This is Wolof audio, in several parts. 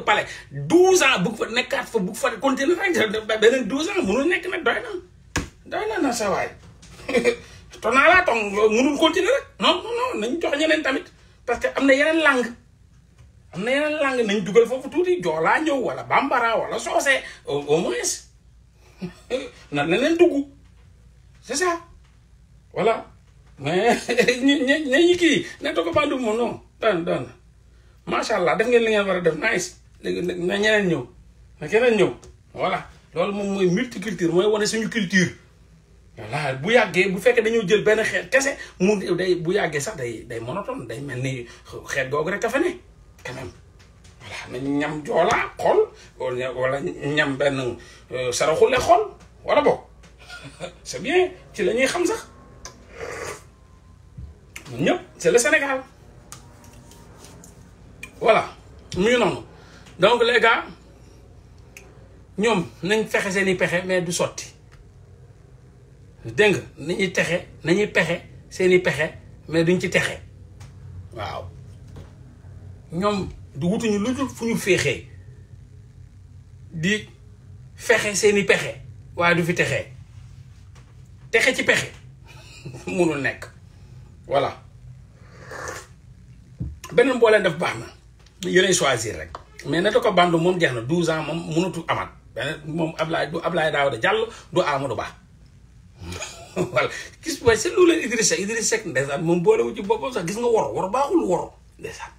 palais douze ans bugg fa nekkaat fa bugg fa continuer rek beneen douze ans mënul nekk nag doy na doy na na sa waay to naa laa tong mënul continuer rek non non nañ jox ñeneen tamit parce que am na yeneen langue am na yeneen langue nañ dugal foofu tuuti joolaa ñëw wala bambara wala soose au moins na leen dugg c'est ça voilà kii ne to ko bandu allah def ngeen li ngeen war a def nice léegi nag na ñeneen ñëw na keneen ñëw voilà loolu moom mooy multiculture mooy wane suñu culture voilà bu yàggee bu fekkee dañoo jël benn xeet kese mu day bu yàggee sax day day monotone day mel ni xeet googu rek a fa ne quand même voilà xool wala ñam benn euh, xool wala boog bien ci la ñuy xam sax ñëpp c'est le Sénégal voilà mu noonu donc les ñoom nañ fexe seen i pexe mais du sotti dégg nga nañuy texe nañuy pexe seeni pexe mais duñ ci texe waaw ñoom du wutuñu lu dul fu ñu féexee di fexe seeni pexe waaye du fi texe texe ci pexe munul nekk voilà beneen booleen leen def baax na yéenay choisir rek mais ne ko bandu moom jeex na 12 ans moom mënatu amaat beneen moom Ablaye du Ablaye Daouda Diallo du Amadou Ba voilà gis nga c'est loolu la Idrissa moom boolewu ci boppam sax gis nga wor wor baaxul wor ndeysaan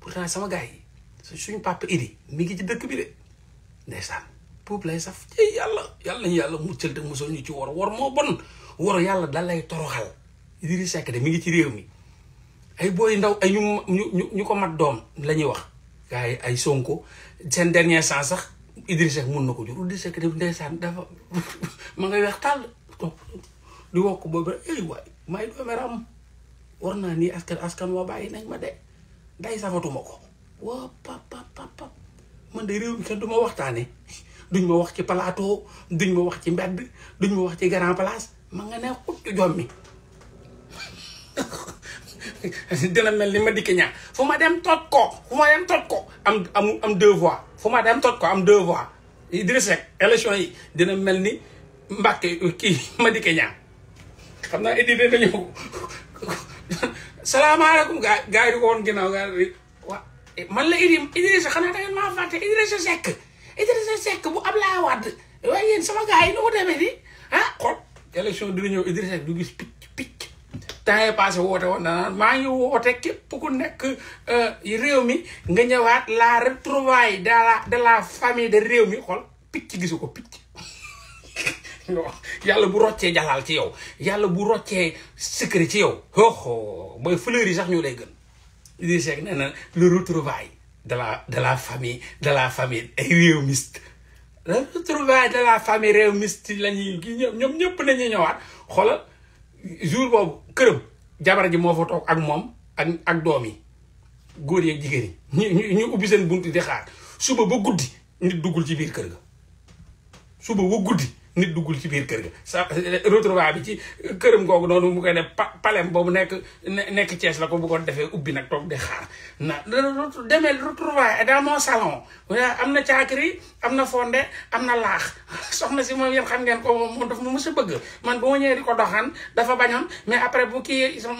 pourtant sama gars yi suñu papa Idi mi ngi ci dëkk bi de ndeysaan boobu lay saf ci yàlla yàlla nañu yàlla muccal te musal ñu ci wor wor moo bon wor yàlla da lay toroxal Idrissa Seck de mi ngi ci réew mi ay booy ndaw ay ñu ñu ñu ko mat doom lañuy wax. gars ay Sonko seen de sens sax Idrissa Seck mun na ko jur Idrissa Seck def ndeysaan dafa ma ngay weex tàll di wokk boobu rek ay waay may doomeram war naa nii askan askan waa bàyyi nañ ma de day safatuma ko waa pap pap pap man de réew mi kenn du waxtaane duñ ma wax ci plateau duñ ma wax ci mbedd duñ ma wax ci grand place ma nga ne xut jommi dina mel ni ma dikki ñaa fu ma dem toj ko fu ma dem toj ko am am am deux voix fu ma dem toj ko am deux voix Idriss Seck yi dina mel ni Mbàkke kii ma dikki ñaa xam naa Idi dina ñëw salaamaaleykum gaa gaa yi di ko woon ginnaaw gaa wa man la Idi Idriss xanaa da ngeen maa fàtte Idriss Seck Idriss Seck bu Ablaye Wade waaye yéen sama gaa yi nu ko demee nii ah xool élection dina ñëw Idriss du gis picc temps yi passé woote woon na maa ngi woote képp ku nekk euh, réew mi nga ñëwaat la retrouvaille de la de la famille de réew mi xool picc gisu ko picc yàlla bu roccee jalaal ci yow yàlla bu roccee secret ci yow oh booy fleur yi sax ñu lay gën Idrissa Seck nee na le retrouvaille de la de la famille de la famille ay réew mist le retrouvaille de la famille réew lañuy ñoom ñëpp nañu ñëwaat xoolal jour boobu këram jabar ji moo fa toog ak moom ak ak doom yi góor yeeg jigéen yi ñu ñu ubbi seen bunt di xaar suba ba guddi nit duggul ci biir kër ga suba ba guddi nit duggul ci biir kër ga sa eh, bi ci këram googu noonu mu koy def palem boobu nekk nekk Thiès la ko bëggoon defee ubbi nag toog di xaar na demee retrouvaille dans mon salon am na caakiri am na fonde am na laax soxna si moom yéen xam ko moom moom daf ma mos man bu ma ñëwee di ko doxaan dafa bañoon mais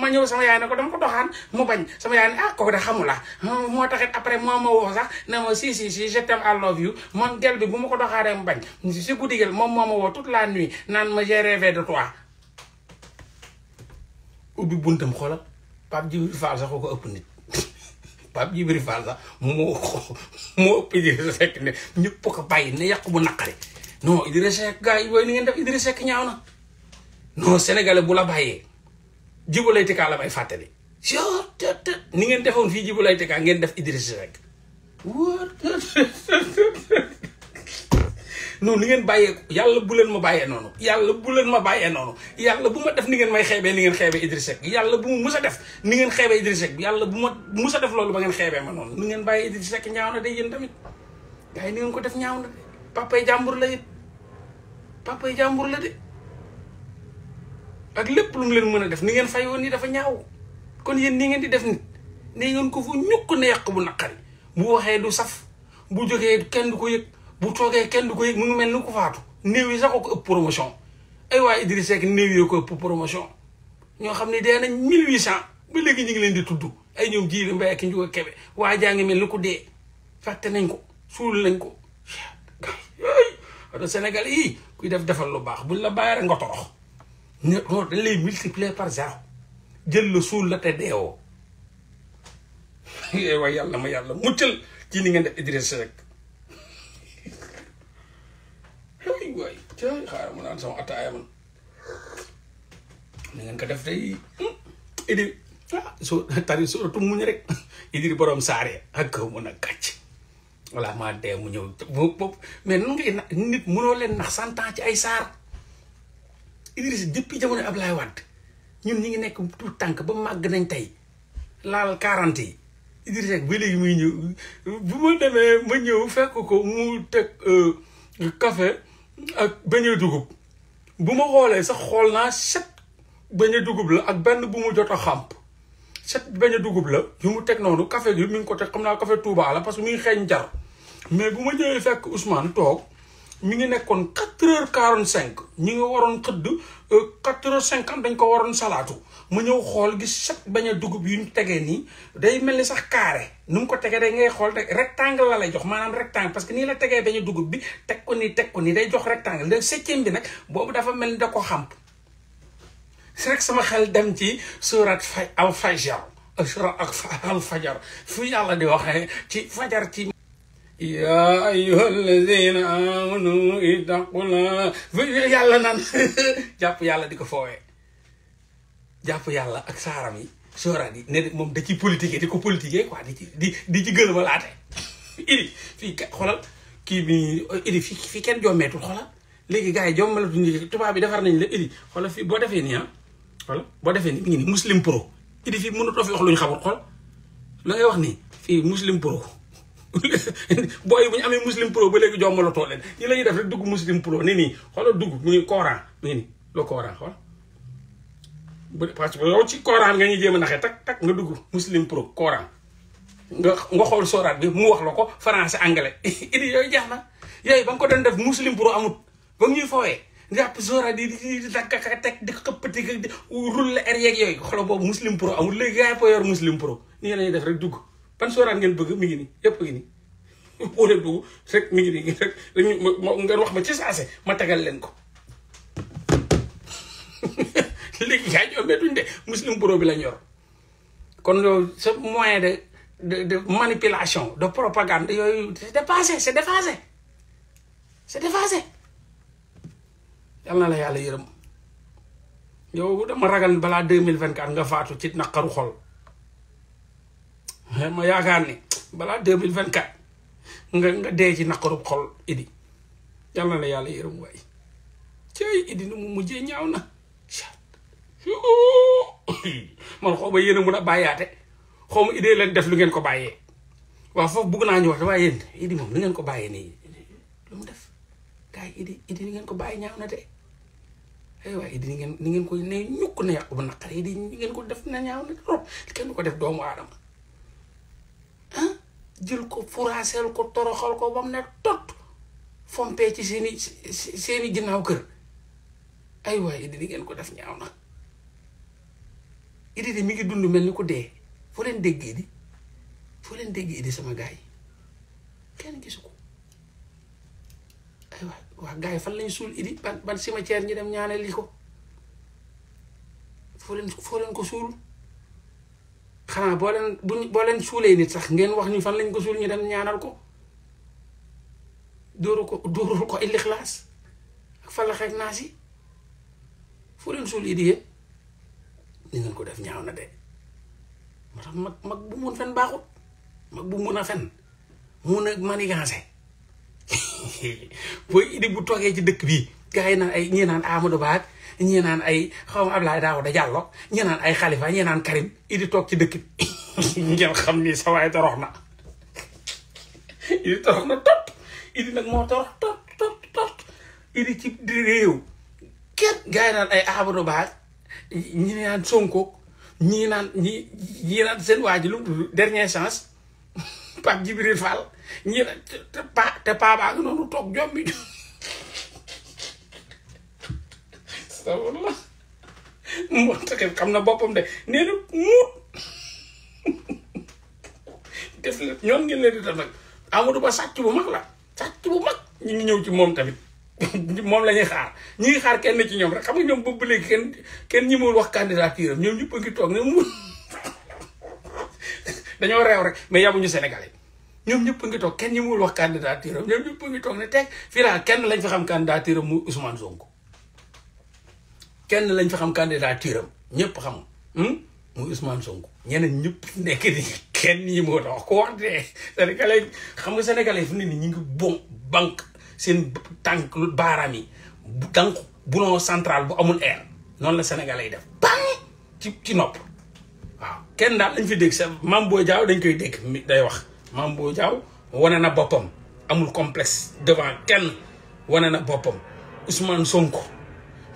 ma ñëw sama yaay ne ko dama ko doxaan mu bañ sama yaay ne ah, la hmm, moo taxit après ma woo sax ne ma si si si je t'aime I love you moom gel bi bu ma ko doxaaree mu bañ si guddi gel moom moo ma woo toute la nuit naan ma j'ai rêvé de toi ubbi buntam xoolal Pape Djibril Fall sax ko ëpp nit Pape Djibril Fall sax moo moo ëpp Idrissa Seck ne ñëpp ko bàyyi ne yàq bu naqari non Idrissa Seck gars yi yooyu ni ngeen def Idrissa Seck ñaaw na non sénégalais bu la bàyyee Djibo Leyti Ka la may fàttali ni ngeen defoon fii Djibo Leyti Ka ngeen def Idrissa Seck noonu ni ngeen bàyyee yàlla bu leen ma bàyyee noonu yàlla bu leen ma bàyyee noonu yàlla bu ma def ni ngeen may xeebee ni ngeen xeebee Idriss Seck yàlla bu mu mus a def ni ngeen xeebee Idriss yàlla bu ma mus a def loolu ba ngeen xeebee ma noonu ni ngeen bàyyee Idriss Seck ñaaw na de yéen tamit gars ni ngeen ko def ñaaw na de jàmbur la it papay jàmbur la de ak lépp lu mu leen mën a def ni ngeen fay woon ni dafa ñaaw kon yéen nii ngeen di def nit ni ngeen ko fu ñukk na yàq bu naqari bu waxee du saf bu jógee kenn du ko yëg bu toogee kenn du ko yëg mu ngi mel ni ku faatu néew yi sax ko ëpp promotion ay waa Idriss Seck néew yi ko ëpp promotion ñoo xam ne dee nañ mille huit cent ba léegi ñu ngi leen di tudd ay ñoom jiiri mbay ak njuga kebe waa jaa ngi mel ni ku dee fàtte nañ ko suul lañ ko wala Sénégal yi kuy def defal lu baax buñ la bàyyi rek nga torox non dañ lay multiplier par zéro jël la suul la te deewoo waay yàlla ma yàlla muccal ci ni ngeen def Idriss waay cay xaaral ma naan sama attaaya man na ngeen ko def tey hmm. idi ah soo tari suratu muñ rek idir borom saare ak ah, kaw mën a gàcc voilà maa dee mu ñëw boobu mais nan ngay nit mënoo leen nax cent ans ay saar Idriss depuis jamono Ablaye ñun ñi ngi nekk tout tànk ba màgg nañ tey laal quarante yi Idriss rek bu ma demee ma ñëw fekk ko mu teg euh, café ak beñe dugub bu ma xoolee sax xool naa set beñe dugub la ak benn bu mu jot a xàmp set beñe dugub la yu mu teg noonu kafe gi mi ngi ko teg xam naa café Touba la parce que mi ngi xeeñ jar mais bu ma ñëwee fekk Ousmane toog mu ngi nekkoon quatre heures quarante cinq ñi nga waroon xëdd euh, quatre heures cinquante dañ ko waroon salaatu mu ñëw xool gis chaque bañ a dugub yu ñu tegee nii day mel ni sax carré nu mu ko tegee day ngay xool rectangle la lay jox maanaam rectangle parce que nii la tegee bañ dugub bi teg ko nii teg ko nii day jox rectangle da septième bi nag boobu dafa mel ni da ko xam sama xel dem ci surat fay al fajar surat ak al fajar fu yàlla di waxee ci fajar ci yaa yàlla naan jàpp yàlla di ko foowee jàpp yàlla ak saaram yi sóoraat yi ne moom da ci politique di ko politique quoi di ci di di ci gëlëma laate idi fii xoolal kii bi idi fii kenn jommeetul xoolal léegi gars yi jommalatuñu tubaab bi defar nañ la idi xoolal fii boo defee nii ah xoolal boo defee nii mi ngi nii muslim pro idi fii wax lu ñu xamul xool la ngay wax nii fii muslim pro booy bu ñu amee muslim pro ba léegi jommalatoo leen ñi la ñuy def rek dugg muslim pro ni nii xoolal dugg mu ngi Coran mu ngi nii loo Coran xool parce que yow ci Coran nga ñuy jéem a naxee tak tak nga dugg muslim pro Coran nga nga xool sóoraat bi mu wax la ko français anglais idi yooyu jeex na yooyu ba nga ko doon def muslim pour amut ba ñuy foowee jàpp sóoraat yi di dakka teg di boobu muslim pro amut léegi gaa yi po yor muslim pro nii lañuy def rek dugg ban sóoraat ngeen bëgg mi ngi nii yëpp ngi nii boo leen dugg rek mi ngi nii rek dañu ngeen wax ma ci saase ma tegal leen ko léegi yaa ngi de muslim bureau bi la ñor kon loolu ce moyen de de de manipulation de propagande yooyu c'est dépassé c'est dépassé c'est dépassé. yal na la yàlla yërëm yow dama ragal balaa deux mille vingt quatre nga faatu ci naqaru xol ma yaakaar ni balaa deux mille vingt quatre nga nga dee ci naqaru xol idi yal na la yàlla yërëm waay cey idi nu mu mujjee ñaaw na. man xaw ma yéen a mun a bàyyaate xaw ma idée leen def lu ngeen ko bàyyee waaw foofu bëgg naa ñu wax waaye yéen idi moom lu ngeen ko bàyyee nii lu mu def gars yi idi idi ni ngeen ko bàyyi ñaaw na de ay waaye idi ni ngeen ni ngeen ko ne ñukk na yàqu bu naqar idi ni ngeen ko def na ñaaw na kenn ko def doomu aadama ah, jël ko furaaseel ko toroxal ko ba mu ne tot ci seeni seeni ginnaaw kër ay idi ni ngeen ko def ñaaw na yi mi ngi dund mel ni ku dee foo leen dégg Idi foo leen dégg Idi sama gaa yi kenn gisu ko aywa waa gars yi fan lañ suul Idi ban ban cimetière ñi dem ñaanal li ko foo leen foo leen ko suul xanaa boo leen buñ boo leen suulee nit sax ngeen wax ni fan lañ ko suul ñu dem ñaanal ko dóoru ko dóorul ko illixlaas ak falax ak naas yi foo leen suul Idi yéen li ngeen ko def ñaaw na de moo tax mag mag bu mun fen baaxut mag bu mun a fen mun a manigance booy idi bu toogee ci dëkk bi gars yi naan ay ñii naan Amadou naan ay xaw ma Abdoulaye Daouda ay Khalifa ñii naan Karim idi toog ci dëkk bi ngeen xam ni sa torox na idi torox na tot idi nag moo torox tot tot tot idi ci réew kenn gars yi naan ay Amadou Ba ñi naan Sonko ñii naan ñi ñii seen waa ji lu dernier chance Pape Djibril Fall ñii te pa te Paa baa noonu toog jombi astafurlah moo taxit xam na boppam de nee na muut def na ñoom ngeen leen di def nag Amadou Ba sàcc bu mag la sàcc bu mag ñu ñëw ci moom tamit. moom la ñuy xaar ñi ngi xaar kenn ci ñoom rek xam nga ñoom boobu ba léegi kenn kenn ñi wax candidature am ñoom ñëpp a ngi toog ne mu dañoo ñoom ñëpp a toog kenn ñi mul wax candidature a ngi ne teg fii daal kenn lañ fi xam candidature am mu Ousmane Sonko lañ fi xam candidature am ñëpp xam hmm? mu Ousmane Sonko ñeneen ñëpp nekk di kenn ñi moo tax ko wax de xam nga Sénégalais fu ne nii ñu bon banque. seen tànk baaraam yi tànk boulon central bu amul air noonu la sénégalais yi def bang ci ci nopp waaw kenn daal dañ fi dégg sa Mame Boye Diao dañ koy dégg day wax Mame Boye Diao wane na boppam amul complexe devant kenn wane na boppam Ousmane Sonko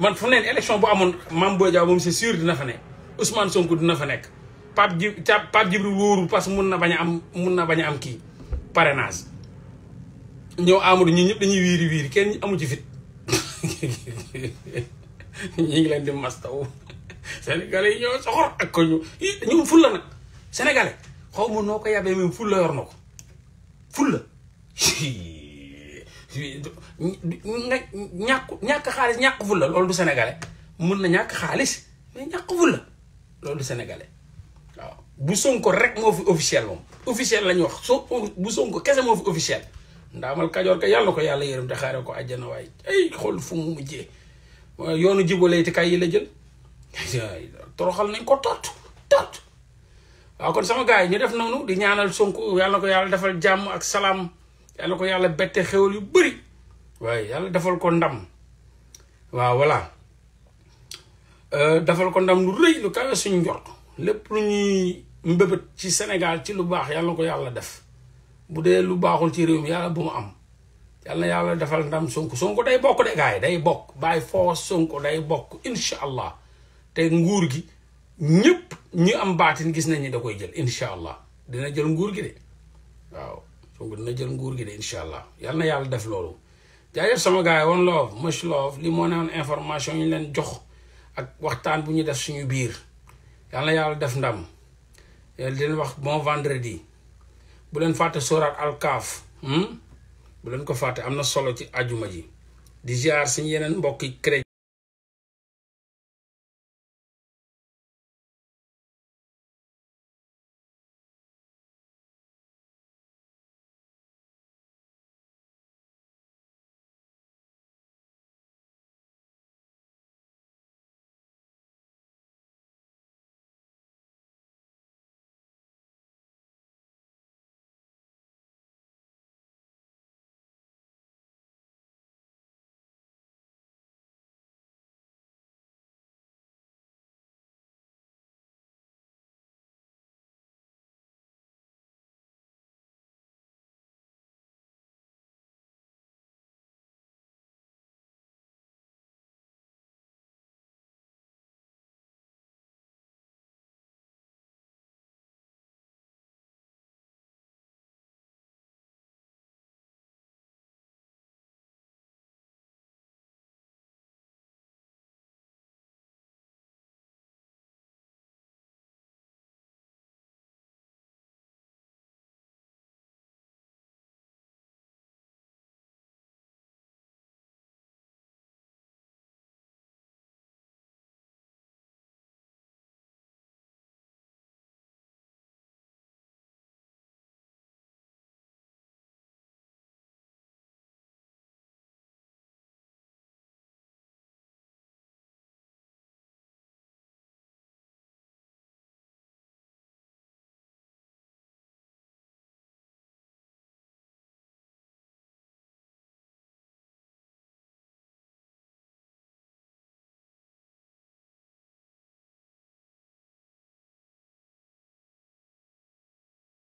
man fu neen élection bu amul Mame Boye Diao moom c'est sûr dina fa ne Ousmane Sonko dina fa nekk Pape Djibril Pape Djibril wóoru parce que mun na bañ am mun na bañ a am kii parrainage ñëw Amadou ñi ñëpp dañuy wiiri wiiri kenn amu ci fit ñi ngi leen di mastaw sénégalais yi ñoo soxor ak ko ñu ñoom fulla nag sénégalais xaw ma noo ko yàbbee même fulla yor na ko fulla nga ñàkk xaalis ñàkk fulla loolu du sénégalais mun na ñàkk xaalis mais ñàkk loolu du sénégalais waaw rek moo fi officiel moom officiel la ñu wax so bu Sonko kese moo fi officiel ndaamal kajoor ka yàlla ko yàlla yërëm te xaare ko àjjana waaye ay xool fu mu mujjee yoonu jibaleyti kay yi la jël toroxal nañ ko tort tort waaw kon sama gars yi ñu def noonu di ñaanal Sonko yàlla ko yàlla defal jàmm ak salaam yàlla ko yàlla bette xewal yu bëri waaye yàlla defal ko ndam waaw voilà euh, defal ko ndam lu rëy lu kawe suñu njort lépp lu ñuy mbébét ci senegal ci lu baax yàlla ko yàlla def bu dee lu baaxul ci réew mi yàlla bu mu am yàlla na yàlla defal ndam Sonko Sonko day bokk de gars yi day bokk bàyyi foo Sonko day bokk incha allah te nguur gi ñëpp ñu am baatin gis nañ ni da koy jël incha allah dina jël nguur gi de waaw Sonko dina jël nguur gi de incha allah yàlla na yàlla def loolu. jaajëf sama gars yi one love much love li moo newoon information ñu leen jox ak waxtaan bu ñu def suñu biir yàlla yàlla def ndam di leen wax bon vendredi. bu leen fàtte sóoraat alkaaf hmm? bu leen ko fàtte am na solo ci ajuma ji di ziar suñu yeneen mbokki chrétien